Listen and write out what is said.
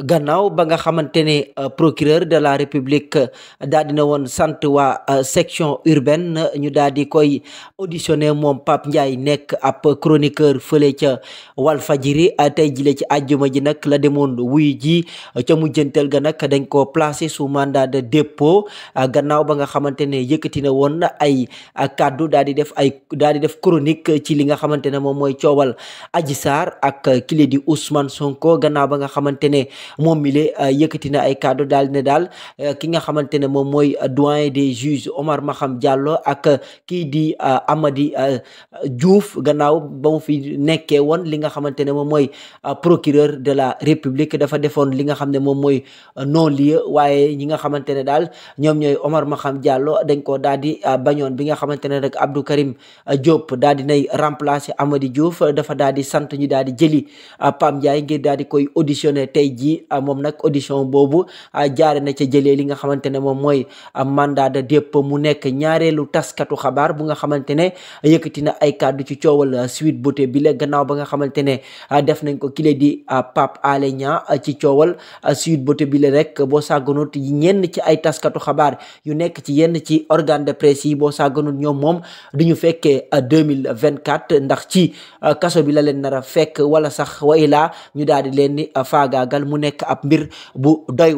gannaaw ba nga xamante ne euh, procureur de la république euh, daal dina woon sant waa euh, section urbaine ñu daal di koy auditionné moom Pape Ndiaye nekk ab chroniqueur fële ca walfa Walfadjiri tey jile ci àjjuma ji nag la demoon wuy ji ca mujjanteel ga nag dañ ko placé sous mandat de dépôt gannaaw ba nga xamante ne yëkkati na woon ay kaddu daal di def ay daal di def chronique ci li nga xamante ne moom mooy coowal aji Sarr ak kile di Ousmane Sonko gannaaw ba nga xamante ne moom mi le euh, yëkkati na ay kàddu daal ne daal euh, ki nga xamante ne moom mooy euh, doyen des juges Omar Maham Diallo ak kii di Amady Diouf gannaaw ba mu fi nekkee woon li nga xamante ne moom mooy procureur de la République dafa defoon li nga xam ne moom mooy non-lieu waaye ñi nga xamante ne daal ñoom ñooy Omar Maham Diallo dañ ko daal di bañoon bi nga xamante ne rek Abdou Karim Diop daal di nay remplacer Amady Diouf dafa daal di sant ñu daal di jëli Pam Ndiaye ngir daal ji moom nag audition boobu jaare na ca jëlee li nga xamante ne moom mooy mandat de dépôt mu nekk ñaareelu taskatu xabaar bu nga xamante ne yëkkati na ay kàddu ci coowal Sweet Beauté bi la gannaaw ba nga xamante ne def nañ ko kile di Pape Alé Niang ci coowal Sweet Beauté bi la rek boo sàgganut ñenn ci ay taskatu xabaar yu nekk ci yenn ci organe de presse yi boo sàgganut moom ñu fekkee 2024 ndax ci kaso bi la leen nar a fekk wala sax wa ñu daal leen ni faagaagal nekk ab mbir bu doy